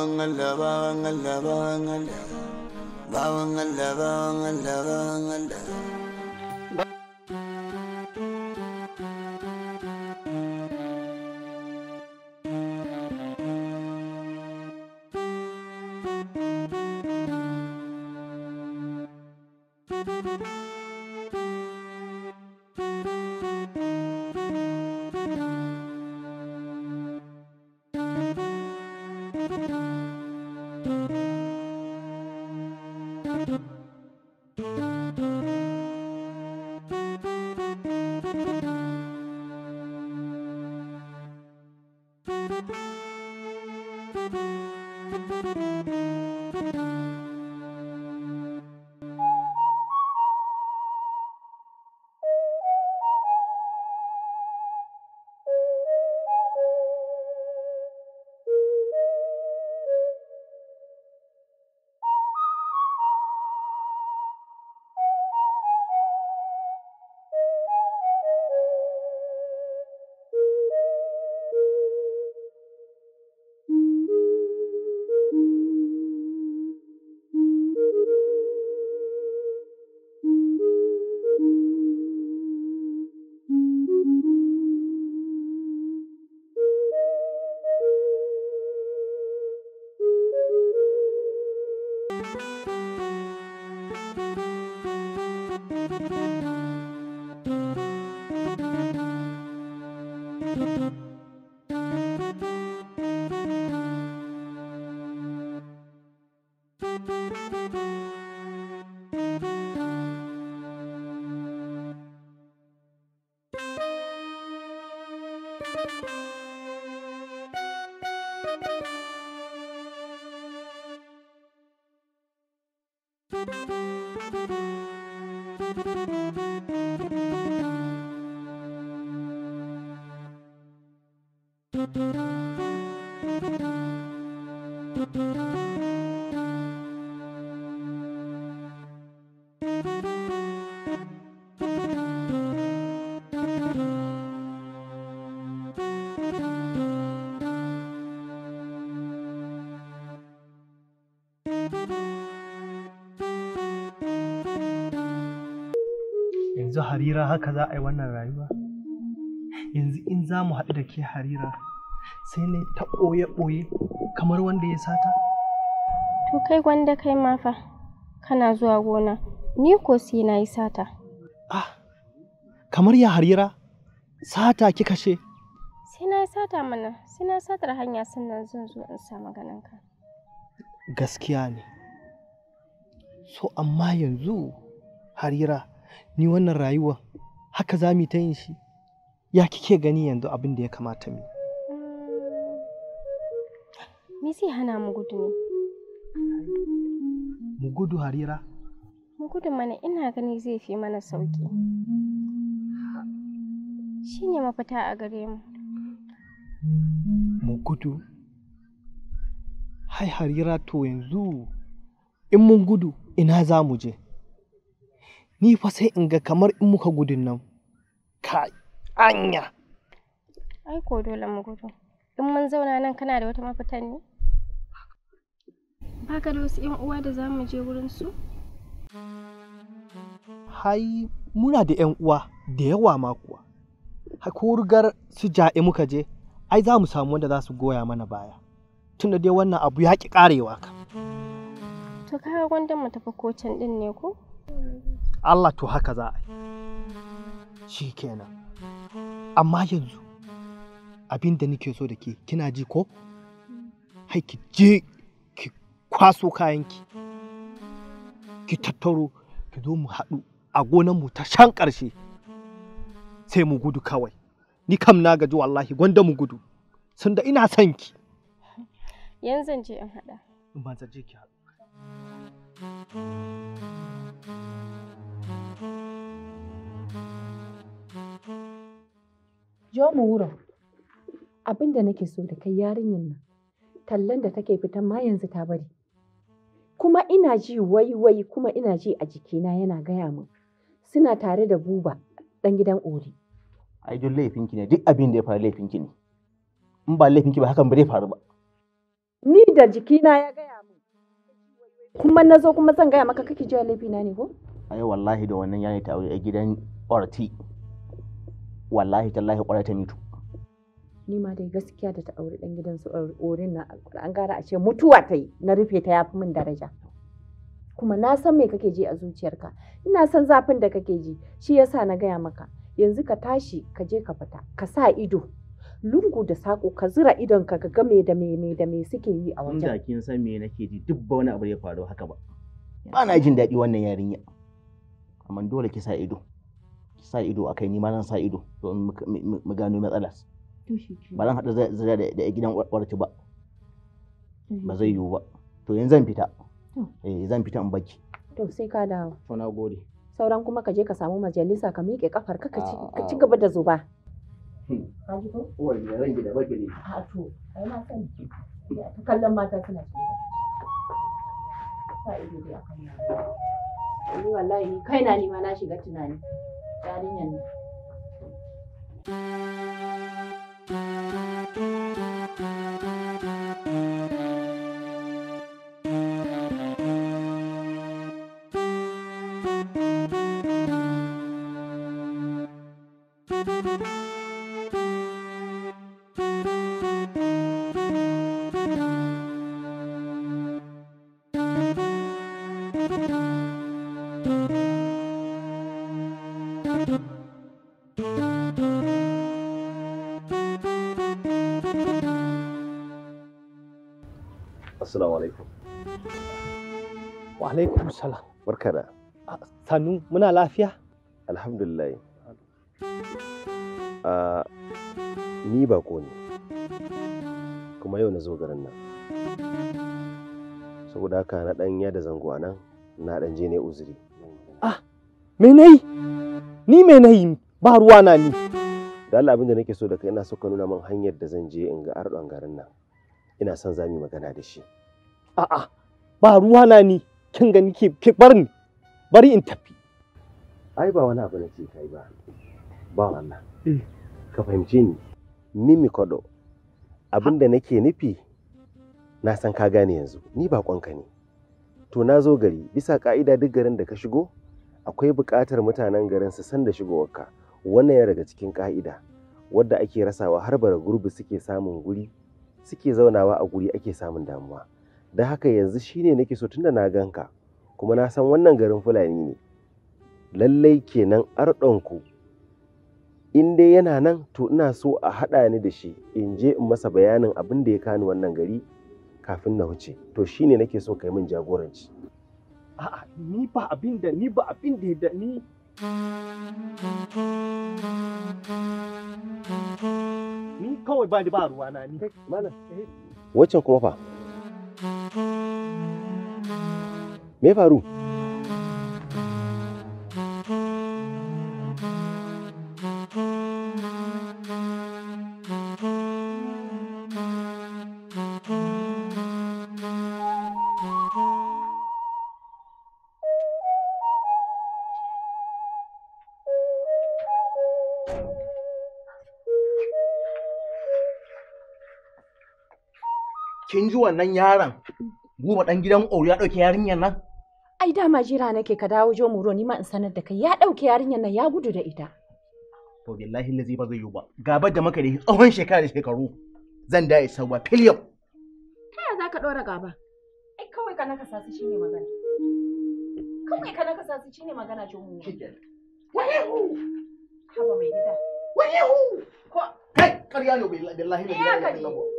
bawangala bawangala bawangala bawangala Thank you. yanzu harira haka za a yi wannan rayuwa yanzu in za mu haɗu da ke harira sai ne ta ɓoye-ɓoye kamar wanda ya sata? To kai gwanda kai mafa kana zuwa gona ni ko sai na yi sata. Ah, kamar ya harira sata ki kashe. Sai na yi sata mana sai na satar hanya sannan zan zo in sa maganinka. Gaskiya ne. So amma yanzu harira ni wannan rayuwa haka za mu ta yin shi ya kike gani yanzu abin da ya kamata mu Me zai hana mu gudu ne? Mu gudu harira? Mu gudu mana ina gani zai fi mana sauki. Shi ne mafita a gare mu. Mu gudu? Hai harira to yanzu in mun gudu ina za mu je? Ni fa sai in ga kamar in muka gudun nan. Ka anya! Ai ko dole mu gudu. In mun zauna nan kana da wata mafitan ne? haka da wasu 'yan uwa da za mu je wurin su? Hai, muna da 'yan uwa da yawa ma kuwa. Ko rigar su ja'i muka je, ai za mu samu wanda za su goya mana baya. Tunda dai wannan abu ya ki ƙarewa ka. To kaga gwandan mu tafi kocin din ne ko? Allah to haka za a yi. Shi kenan. Amma yanzu abinda da nake so da ke kina ji ko? Hai ki je kwaso kayanki ki tattaro ki zo mu haɗu a gonan mu ta shan ƙarshe sai mu gudu kawai ni kam na gaji wallahi gwanda mu gudu sun da ina son ki yanzu je in haɗa in ba je ki haɗu Jo mu wuro abinda nake so da kai yarinyar nan tallan da take fitan ma yanzu ta bari kuma ina ji waiwai kuma ina ji a jikina yana gaya min suna tare da buba ɗan gidan ori. Ai duk laifinki ne duk abin da ya faru laifinki ne. In ba laifinki ba hakan ba zai faru ba. Ni da jikina ya gaya min. Kuma na zo kuma zan gaya maka kake jiya laifina ne ko? Ai wallahi da wannan yayi ta aure a gidan Orti. Wallahi tallahi kwarai ta mitu. ni ma dai gaskiya da ta auri dan gidan su orin na an gara a ce mutuwa ta yi na rufe ta yafi min daraja kuma na san me kake ji a zuciyarka ina san zafin da kake ji shi yasa na gaya maka yanzu ka tashi ka je ka fita ka sa ido lungu da sako ka zura idon ka ga me da me da me suke yi a wajen. kin san me nake ji duk ba wani abu ya faru haka ba. Ba na jin daɗi wannan yarinya. Amma dole ki sa ido. sa ido akai ni ma zan sa ido don mu gano matsalar. ba zan haɗa zira da gidan warci ba ba zai yiwu ba to yanzu zan fita eh zan fita in baki to sai ka dawo to gode sauran kuma ka je ka samu majalisa ka miƙe kafar ka ah. ka ci gaba da zuba shiga tunani yarinyan Thank you. alaikum salam. Barka da. Ah, sannu muna lafiya? Alhamdulillah. Uh, ni bako ne. Kuma yau na zo garin nan. Saboda haka na ɗan yada zango anan nan na ɗan je ne uzuri. Ah, me na Ni me na Ba ruwa na ni. Da Allah abin nake so da kai ina so ka nuna min hanyar da zan je in ga arɗon garin nan. Ina son za mu magana da shi. A'a, ba ruwa na ni. kin gani ki ki barin bari in tafi ai ba wani abu na ce kai ba ba Eh, ka fahimce ni ni mi kodo abinda nake nufi na san ka gane yanzu ni baƙonka ne to na zo gari bisa ka'ida duk garin da ka shigo akwai buƙatar mutanen garin su san da shigowarka wannan ya daga cikin ka'ida wadda ake rasawa har bara gurbi suke samun guri suke zaunawa a guri ake samun damuwa da haka yanzu shine nake so tunda na ganka kuma na san wannan garin fulani ne lallai kenan arɗonku in dai yana nan to ina so a haɗa ni da shi in je in masa bayanin abin da ya kani wannan gari kafin na wuce to shine nake so kai min jagoranci a'a ni ba abin da ni ba abin da da ni ni kawai ba ni ba ruwana ni malam wacce kuma fa Me faru? kin ji wannan yaron goma dan gidan Oru ya dauke yarinyar nan ai dama jira nake ka dawo jo muro ni ma in sanar da kai ya dauke yarinyar nan ya gudu da ita to billahi lazi ba zai yi ba gaba da maka da tsawon shekara da shekaru zan da sauwa filiyo kai ta yaya dora gaba ai kawai kana ka sasu shine magana kawai ka sasu shine magana jo muro wayehu haba mai gida hu ko kai ƙarya ne billahi lazi ba zai yi ba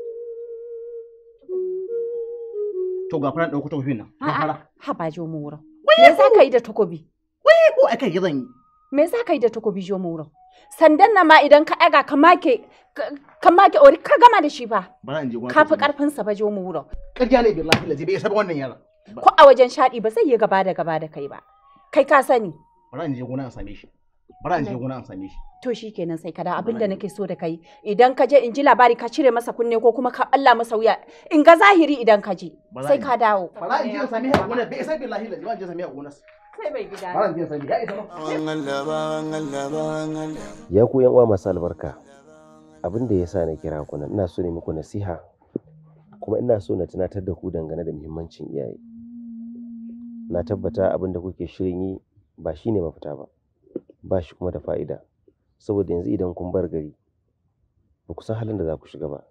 To ga fara dauko takobin nan. Ga fara. Ha ba jo mura. Me za ka yi da takobi? Wai ko aka yi zan yi. Me za ka yi da takobi jo mura? Sandan na ma idan ka ɗaga ka make ka make ori ka gama da shi ba. Bara in je Ka fi karfin sa ba jo mura. Ƙarya ne billahi lazi bai saba wannan yaran. Ko a wajen shaɗi ba zai yi gaba da gaba da kai ba. Kai ka sani. Bara in je gona in same shi. bara in je gona in same shi to kenan sai kada abin da nake so da kai idan ka je in ji labari ka cire masa kunne ko kuma ka Allah masa wuya in ga zahiri idan ka je sai ka dawo bara in je in same shi a gonar bai isa billahi same shi a gona. ya ku yan uwa masu albarka abin da ya sa na kira ku ina so ne muku nasiha kuma ina so na tunatar da ku dangane da muhimmancin iyaye na tabbata abin da kuke shirin yi ba shine mafita ba ba shi kuma da fa'ida. Saboda yanzu idan kun bar gari ba ku san halin da za ku shiga ba.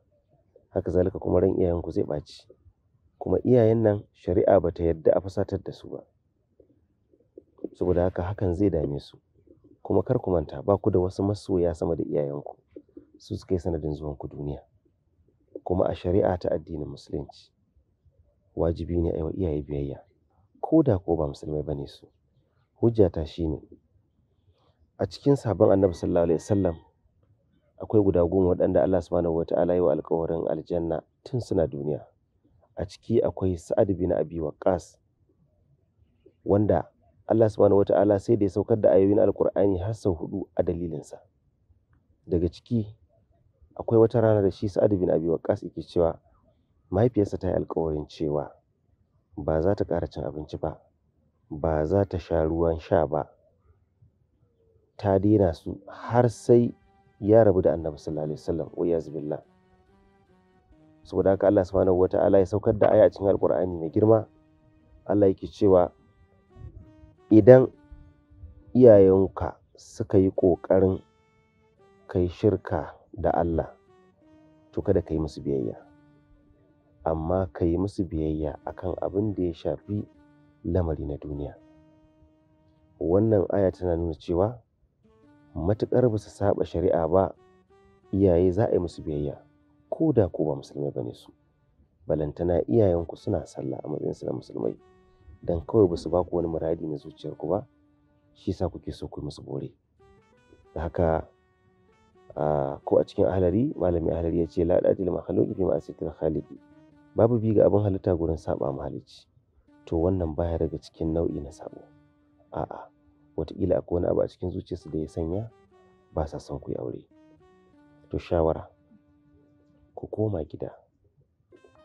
Haka zalika kuma ran iyayenku zai ɓaci. Kuma iyayen nan shari'a ba ta yadda a fasatar da su ba. Saboda haka hakan zai dame su. Kuma kar ku manta ba ku da wasu masoya sama da iyayenku. Su suka yi sanadin zuwan ku duniya. Kuma a shari'a ta addinin Musulunci wajibi ne a yi wa iyaye biyayya. Ko da ko ba musulmai ba ne su. Hujjata shi ne. A cikin sabon Annabi sallallahu alaihi wasallam akwai guda goma waɗanda Allah subhanahu wataala ya wa alƙawarin aljanna tun suna duniya. A ciki akwai Sa'ad bin Abi Waqqas wanda Allah subhanahu wataala sai da ya saukar da ayoyin Alƙur'ani har sau huɗu a dalilinsa. Daga ciki akwai wata rana da shi Sa'ad bin Abi Waqqas yake cewa mahaifiyarsa ta yi alƙawarin cewa ba za ta ƙara cin abinci ba, ba za ta sha ruwan sha ba, ta daina su har sai ya rabu da annabi sallallahu alaihi wasallam wa yazbillah saboda haka Allah subhanahu wataala ya saukar da aya a cikin alkur'ani mai girma Allah yake cewa idan iyayenka suka yi ƙoƙarin kai shirka da Allah to kada ka musu biyayya amma ka yi musu biyayya akan abin da ya shafi lamari na duniya wannan aya tana nuna cewa matuƙar ba su saba shari'a ba iyaye za a yi musu biyayya ko da ko ba musulmai ba ne su balantana iyayenku suna sallah a matsayinsu na musulmai Don kawai ba su ba ku wani muradi na zuciyarku ba shi sa kuke so ku yi musu bore da haka ko a cikin ahalari malami ahalari ya ce la'adil makhluqi fi ma'asiyatil khaliqi babu bi ga abin halitta gurin saba mahalicci to wannan baya daga cikin nau'i na saɓo. a'a wataƙila akwai wani abu a cikin zuciyarsu da ya sanya ba sa son ku yi aure to shawara ku koma gida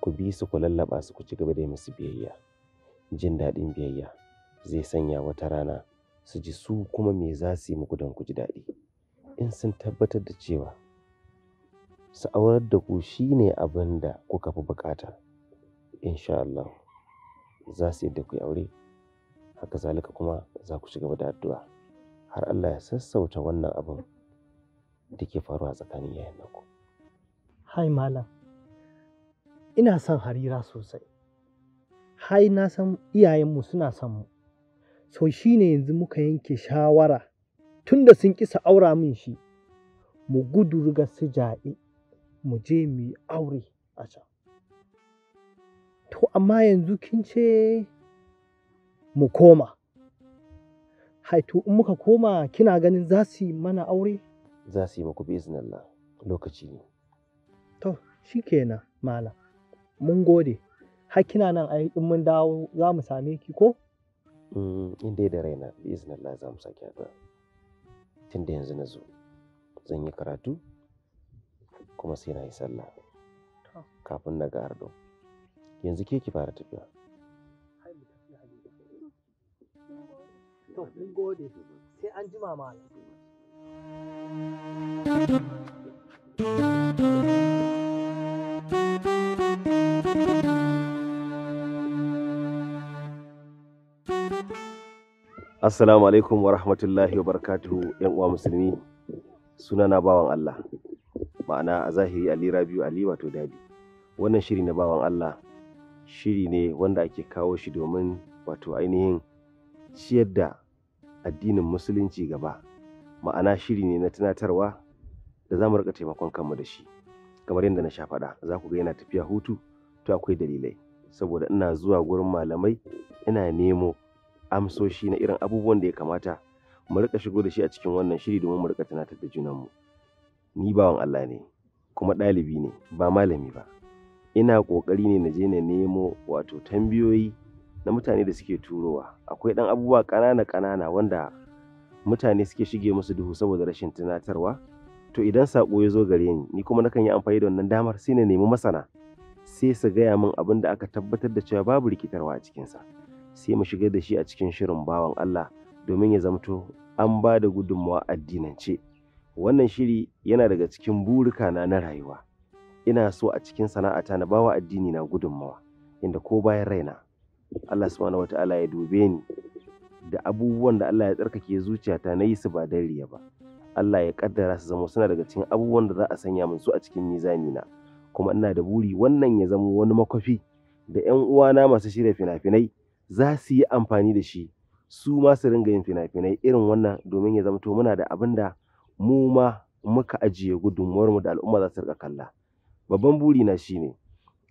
ku bi su ku lallaba su ku ci gaba da yi musu biyayya jin daɗin biyayya zai sanya wata rana su ji su kuma me za su yi muku don ku ji daɗi in sun tabbatar da cewa su aurar da ku shine abin da kuka fi bukata insha Allah za su da ku yi aure haka zalika kuma za ku shiga da addu'a har Allah ya sassauta wannan abin da ke faruwa tsakanin yayin ku. Hai malam, ina son harira sosai. Hai na san iyayenmu suna son mu. So shi ne yanzu muka yanke shawara Tunda sun kisa aura min shi, mu gudu riga su ja'i, mu je mu aure a can. To amma yanzu kin ce mu koma. haitu in muka koma kina ganin za su yi mana aure? Za su yi maku Allah lokaci ne. To shi kenan malam mun gode. Har kina nan a in mun dawo za mu same ki ko? Mm, in dai da raina Allah za mu sake haɗuwa. Tun da yanzu na zo zan yi karatu kuma sai na yi sallah kafin na ga ardo. Yanzu ke ki fara tafiya. To, mun gode. Sai an jima ma. Assalamu alaikum wa rahmatullahi wa barakatuhu ‘yan uwa musulmi suna na bawan Allah ma'ana a zahiri Ali Rabiu Ali wato dadi wannan shiri na bawan Allah shiri ne wanda ake kawo shi domin wato ainihin ciyar da addinin musulunci gaba ma'ana shiri ne na tunatarwa da za mu rika taimakon kanmu da shi kamar yadda na sha faɗa za ku ga yana tafiya hutu to akwai dalilai saboda ina zuwa gurin malamai ina nemo amsoshi na irin abubuwan da ya kamata mu rika shigo da shi a cikin wannan shiri domin mu rika tunatar da junanmu ni bawan Allah ne kuma ɗalibi ne ba malami ba ina ƙoƙari ne na je na nemo wato tambiyoyi na mutane da suke turowa akwai ɗan abubuwa ƙanana-ƙanana wanda mutane suke shige musu duhu saboda rashin tunatarwa to idan saƙo ya zo gare ni ni kuma nakan yi amfani da wannan damar sai na nemi masana sai su gaya min abin da aka tabbatar da cewa babu rikitarwa a cikinsa sai mu shigar da shi a cikin shirin bawan Allah domin ya zamto an ba da gudunmawa addinance wannan shiri yana daga cikin burikana na rayuwa ina so a cikin sana'ata na bawa addini na gudunmawa inda ko bayan raina Allah subhanahu ta'ala ya dube ni da abubuwan da Allah ya tsarkake zuciyata na yi su ba dariya ba Allah ya kaddara su zama suna daga cikin abubuwan da za a sanya min su a cikin mizani na kuma ina da buri wannan ya zama wani makwafi da ƴan uwana masu shirya fina-finai za su yi amfani da shi su ma su ringa yin fina-finai irin wannan domin ya zama to muna da abin da mu ma muka ajiye gudunmuwar mu da al'umma za su rika kalla babban buri na shine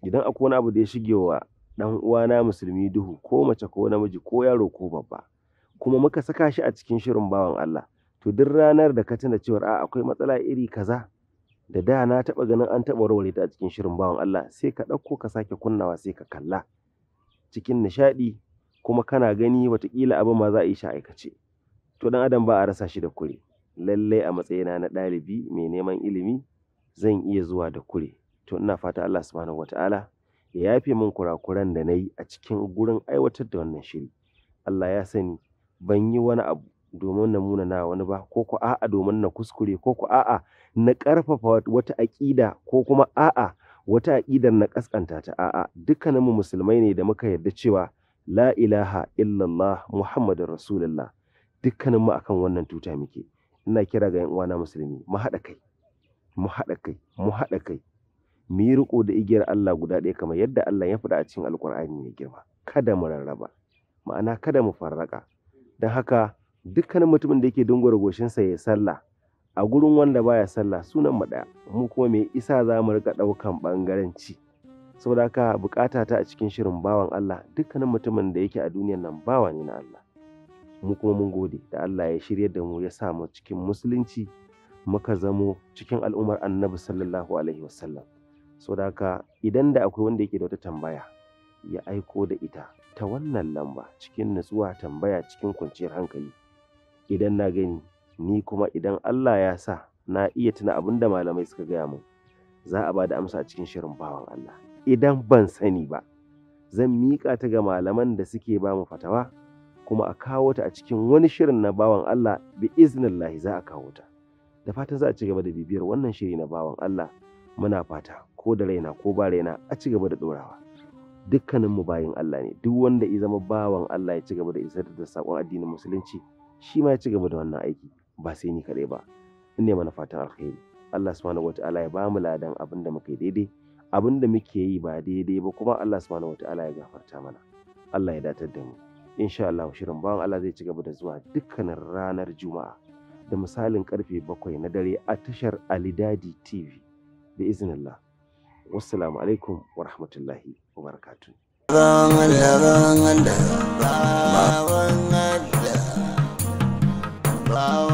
idan akwai wani abu da ya shige wa ɗan uwana musulmi duhu ko mace ko namiji ko yaro ko babba kuma muka saka shi a cikin shirin bawan Allah to duk ranar da ka tuna cewa a akwai matsala iri kaza da da na taɓa ganin an taɓa warware ta a cikin shirin bawan Allah sai ka ɗauko ka sake kunnawa sai ka kalla cikin nishaɗi kuma kana gani watakila abin ma za a yi shi aikace to dan adam ba a rasa shi da kure lallai a matsayina na ɗalibi mai neman ilimi zan iya zuwa da kure to ina fata Allah subhanahu wataala ya yafe min kurakuran da na yi a cikin gurin aiwatar da wannan shiri Allah ya sani ban yi wani abu domin na muna na wani ba ko ku a'a domin na kuskure ko ku a'a na ƙarfafa wata aƙida ko kuma a'a wata aƙidar na ƙasƙanta ta a'a mu musulmai ne da muka yarda cewa la ilaha illallah muhammadun rasulullah dukkaninmu akan wannan tuta muke ina kira ga 'yan uwana musulmi mu haɗa kai mu haɗa kai mu haɗa kai mu yi riko da igiyar Allah guda ɗaya kamar yadda Allah ya faɗa a cikin Alƙur'ani mai girma kada mu rarraba ma'ana kada mu farraka don haka dukkanin mutumin da yake dungwar goshinsa ya sallah a gurin wanda baya sallah sunan mu ɗaya mu kuma mai isa za mu rika ɗaukan ɓangaranci saboda haka bukata ta a cikin shirin bawan Allah dukkanin mutumin da yake a duniyar nan bawa ne na Allah mu kuma mun gode da Allah ya shirya da mu ya sa mu cikin musulunci muka zamo cikin al'ummar annabi sallallahu alaihi wasallam saboda idan da akwai wanda yake da wata tambaya ya aiko da ita ta wannan lamba cikin nutsuwa tambaya cikin kwanciyar hankali idan na gani ni kuma idan Allah ya sa na iya tuna abin da malamai suka gaya min za a ba da amsa a cikin shirin bawan Allah idan ban sani ba zan miƙa ta ga malaman da suke ba mu fatawa kuma a kawo ta a cikin wani shirin na bawan Allah bi iznillahi za a kawo ta da fatan za a ci gaba da bibiyar wannan shiri na bawan Allah muna fata ko da raina ko ba raina a ci gaba da ɗorawa mu bayin Allah ne duk wanda ya zama bawan Allah ya ci gaba da isar da sakon addinin musulunci shi ma ya ci gaba da wannan aiki ba sai ni kaɗai ba in ne mana fatan alkhairi Allah subhanahu wataala ya bamu ladan abinda da muke daidai abin da muke yi ba daidai ba kuma Allah subhanahu wataala ya gafarta mana Allah ya datar da mu insha Allah shirin bawan Allah zai ci gaba da zuwa dukkanin ranar juma'a da misalin karfe bakwai na dare a tashar Alidadi TV bi iznillah wassalamu alaikum wa rahmatullahi wa barakatuh Bawan